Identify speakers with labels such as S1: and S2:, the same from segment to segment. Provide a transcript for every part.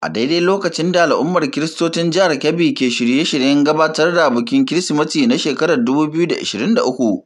S1: A daidai lokacin da al'ummar Kiristocin Jihar Kebbi ke shirye-shiryen gabatar da bukin Kirsimeti na shekarar 2023,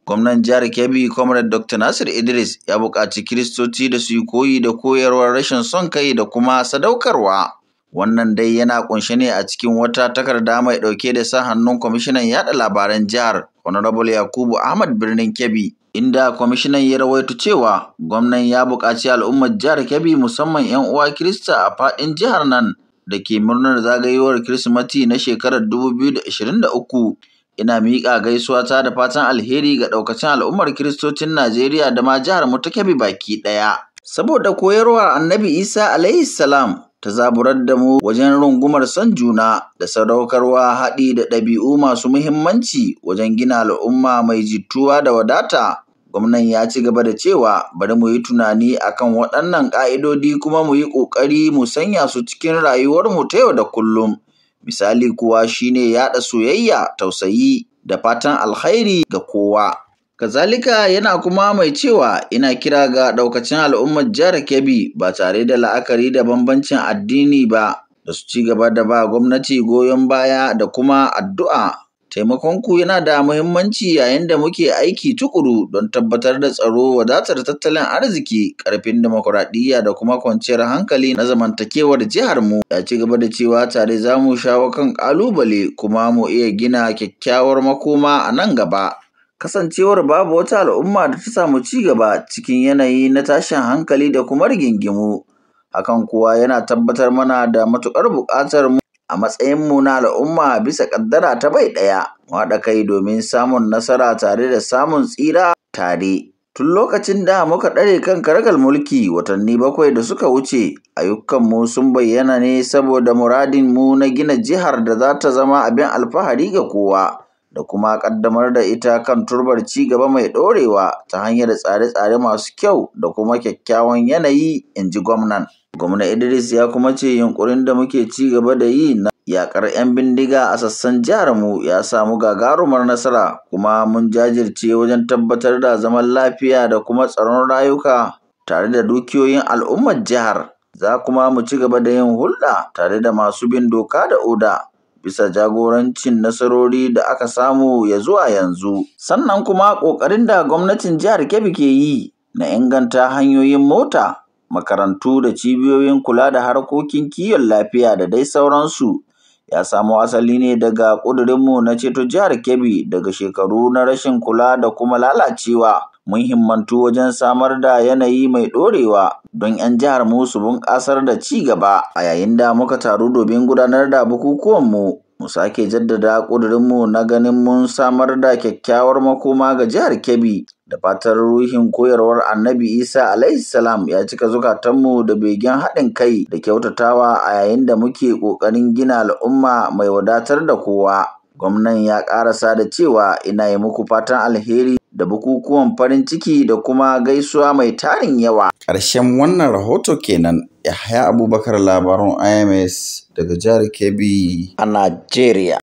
S1: Gwamnan Jihar Kebbi Comrade Dr. Nasir Idris ya buƙaci Kiristoci da su yi koyi da koyarwar rashin son kai da kuma sadaukarwa. Wannan dai yana ƙunshe ne a cikin wata takarda mai ɗauke da sa hannun Kwamishinan Yaɗa Labaran Jihar, Honorable Yakubu Ahmad Birnin Kebbi. inda kwamishinan ya rawaito cewa gwamnan ya buƙaci al'ummar jihar Kebbi musamman 'yan uwa Kirista a faɗin jihar nan da ke murnar zagayowar Kirsimeti na shekarar 2023 ina miƙa gaisuwa ta da fatan alheri ga ɗaukacin al'ummar Kiristocin Najeriya da ma jihar mu ta Kebbi baki ɗaya. Saboda koyarwa Annabi Isa alayhi salam ta zaburar da mu wajen rungumar son juna da sadaukarwa haɗi da ɗabi'u masu muhimmanci wajen gina al'umma mai jituwa da wadata Gwamnan ya ci gaba da cewa, “Bari mu yi tunani akan waɗannan ƙa'idodi kuma mu yi ƙoƙari mu sanya su cikin rayuwarmu ta yau da kullum, misali kuwa shine yaɗa soyayya, tausayi, da fatan alkhairi ga kowa.” Kazalika yana kuma mai cewa, “Ina kira ga ɗaukacin al'ummar Jihar Kebbi ba tare da la'akari da bambancin addini ba, da su ci gaba da ba gwamnati goyon baya da kuma addu'a Taimakonku yana da muhimmanci yayin da muke aiki tuƙuru don tabbatar da tsaro, wadatar tattalin arziki, karfin demokuraɗiyya da kuma kwanciyar hankali na zamantakewar jihar mu Ya ci gaba da cewa tare za mu shawo kan ƙalubale kuma mu iya gina kyakkyawar makoma a nan gaba. Kasancewar babu wata al'umma da ta samu ci gaba cikin yanayi na tashin hankali da kuma rigingimu, hakan kuwa yana tabbatar mana da matuƙar buƙatar mu. a matsayinmu na al'umma bisa ƙaddara ta bai ɗaya, mu haɗa kai domin samun nasara tare da samun tsira tare. Tun lokacin da muka ɗare kan karagar mulki watanni bakwai da suka wuce, ayyukanmu sun bayyana ne saboda muradin mu na gina jihar da za ta zama abin alfahari ga kowa, da kuma ƙaddamar da ita kan turbar ci gaba mai ɗorewa ta hanyar tsare-tsare masu kyau da kuma kyakkyawan yanayi, in ji gwamnan. Gwamna Idris ya kuma ce yunkurin da muke ci gaba da yi na yaƙar 'yan bindiga a sassan jihar mu ya samu gagarumar nasara kuma mun jajirce wajen tabbatar da zaman lafiya da kuma tsaron rayuka tare da dukiyoyin al'ummar jihar. Za kuma mu ci gaba da yin hulɗa tare da masu bin doka da oda bisa jagorancin nasarori da aka samu ya zuwa yanzu. Sannan kuma ƙoƙarin da gwamnatin jihar Kebbi ke yi na inganta hanyoyin mota. makarantu da cibiyoyin kula da harkokin kiwon lafiya da dai sauransu, ya samo asali ne daga ƙudurinmu na ceto Jihar Kebbi daga shekaru na rashin kula da kuma lalacewa. Mun himmantu wajen samar da yanayi mai ɗorewa don 'yan jihar mu su bunƙasar da ci gaba a yayin da muka taru domin gudanar da bukukuwanmu. Mu sake jaddada ƙudurinmu na ganin mun samar da kyakkyawar makoma ga jihar Kebbi da fatar ruhin koyarwar annabi isa salam ya cika zukatanmu da begen haɗin kai da kyautatawa a yayin da muke ƙoƙarin gina al'umma mai wadatar da kowa gwamnan ya ƙarasa da cewa ina yi muku fatan alheri da bukukuwan farin ciki da kuma gaisuwa mai tarin yawa ƙarshen wannan rahoto kenan yahaya abubakar Labarun ims daga jihar kebbi a najeriya